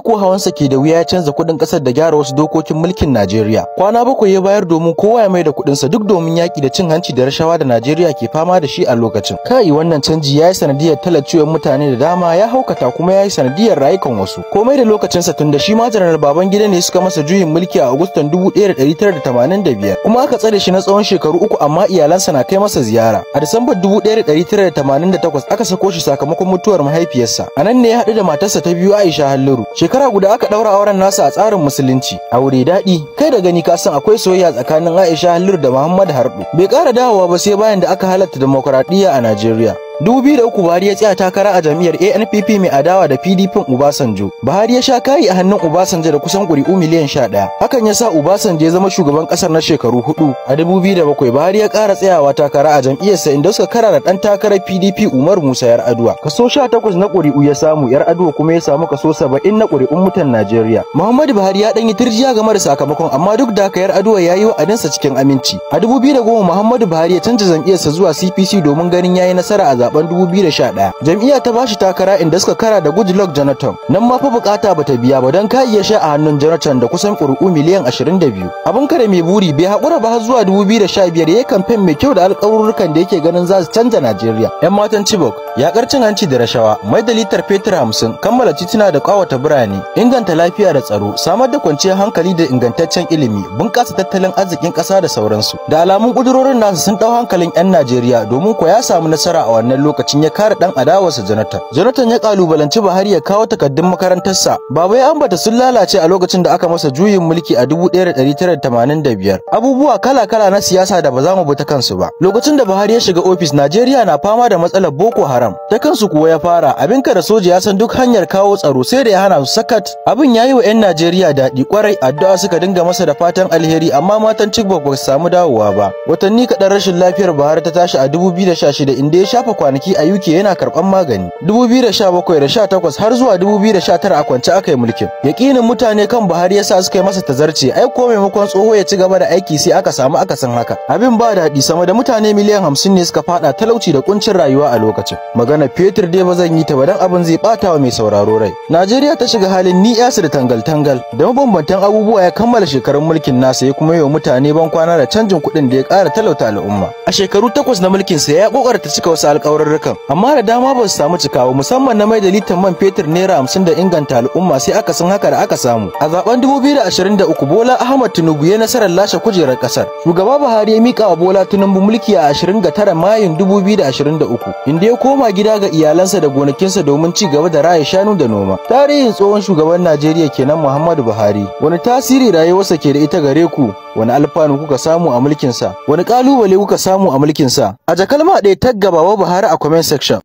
ko hawansa ke da wuya ya canza kuɗin ƙasar da gyara wasu dokokin mulkin Najeriya. Kwana bakwai ya bayar domin kowa ya mai da sa duk domin yaki da cin hanci da rashawa da Najeriya ke fama da shi a lokacin. Kai wannan canji ya yi sanadiyar talacciyar mutane da dama ya haukata kuma ya yi sanadiyar rayukan wasu. Komai da lokacinsa tun da shi ma janar gida ne suka masa juyin mulki a Agustan 1985 kuma aka tsare shi na tsawon shekaru uku amma iyalansa na kai masa ziyara. A Disambar 1988 aka sako shi sakamakon mutuwar mahaifiyarsa. A nan ne ya haɗu da matarsa ta biyu Aisha Halliru. shekara guda aka daura auren nasa a tsarin musulunci aure daɗi kai da gani ka san akwai soyayya tsakanin Aisha Halliru da Muhammad Harbu bai ƙara dawowa ba sai bayan da aka halatta demokradiyya a Najeriya uku Buhari ya tsaya takara a jami'ar ANPP mai adawa da PDP Ubasanjo. Buhari ya sha kayi a hannun Ubasanjo da kusan ƙuri'u miliyan 11. Hakan ya sa Ubasanjo ya zama shugaban ƙasar na shekaru hudu. A 2007 Buhari ya ƙara tsayawa takara a sa inda suka karara da ɗan takarar PDP Umar Musa Yar'adua. Kaso 18 na ƙuri'u ya samu Yar'adua kuma ya samu kaso 70 na ƙuri'un mutan Najeriya. Muhammadu Buhari ya yi turjiya game da sakamakon amma duk da haka Yar'adua ya yi adinsa cikin aminci. A 2010 Muhammadu Buhari ya canza sa zuwa CPC domin ganin yayi nasara a zaben 2011 jam'iyya ta bashi takara inda suka kara da Goodluck Jonathan nan ma fa bukata bata biya ba dan ka iya sha a hannun Jonathan da kusan ƙuri'u miliyan 22 Abun kare mai buri bai hakura ba har zuwa 2015 yayin kamfen mai kyau da alƙawurrukan da yake ganin za su canja Najeriya yan matan Chibok ya karcin hanci da rashawa mai da litar fetur 50 kammala tituna da kawata birane inganta lafiya da tsaro samar da kwanciyar hankali da ingantaccen ilimi bunƙasa tattalin arzikin ƙasa da sauransu da alamun ƙudurorin nasu sun ɗau hankalin 'yan Najeriya domin ko ya samu nasara a wannan wannan lokacin ya kare dan adawarsa Jonathan. Jonathan ya kalubalanci Buhari ya kawo takaddun makarantarsa. Baba ya ambata sun lalace a lokacin da aka masa juyin mulki a 1985. Abubuwa kala-kala na siyasa da ba za mu bi kansu ba. Lokacin da Buhari ya shiga ofis Najeriya na fama da matsalar Boko Haram. Ta kansu kuwa ya fara ka da soja ya san duk hanyar kawo tsaro sai da ya hana su sakat. Abin ya yi wa 'yan Najeriya daɗi kwarai addu'a suka dinga masa da fatan alheri amma matan Chibok ba su samu dawowa ba. Watanni kaɗan rashin lafiyar Buhari ta tashi a 2016 inda ya shafa kwanaki a UK yana karɓan magani. 2017 da 18 har zuwa 2019 a kwance aka yi mulkin. Yakinin mutane kan Buhari yasa suka yi masa tazarci ai ko maimakon tsoho ya ci gaba da aiki sai aka samu akasin haka. Abin ba daɗi sama da mutane miliyan hamsin ne suka faɗa, talauci da kuncin rayuwa a lokacin. Magana Fetur dai ba zan yi ta ba dan abin zai bata wa mai sauraro rai. Najeriya ta shiga halin ni su da tangal-tangal da mabambantan abubuwa ya kammala shekarun mulkin nasa ya kuma yi wa mutane ban kwana da canjin kuɗin da ya ƙara talauta al'umma. A shekaru takwas na mulkinsa ya ƙoƙarta cika wasu alƙawari aurarrukan amma da dama ba su samu cikawa musamman na mai da man fetur naira hamsin da inganta al'umma sai aka san haka da aka samu a zaben 2023 Bola Ahmad Tinubu ya nasarar lashe kujerar kasar shugaba Buhari ya mika wa Bola Tinubu mulki a 29 Mayun 2023 inda ya koma gida ga iyalansa da gonakinsa domin ci gaba da raya shanu da noma tarihin tsohon shugaban Najeriya kenan Muhammadu Buhari wani tasiri rayuwarsa ke da ita gare ku wani alfanu kuka samu a mulkinsa wani kalubale kuka samu a mulkinsa a jakalma ɗaya taggaba wa Buhari har a comment section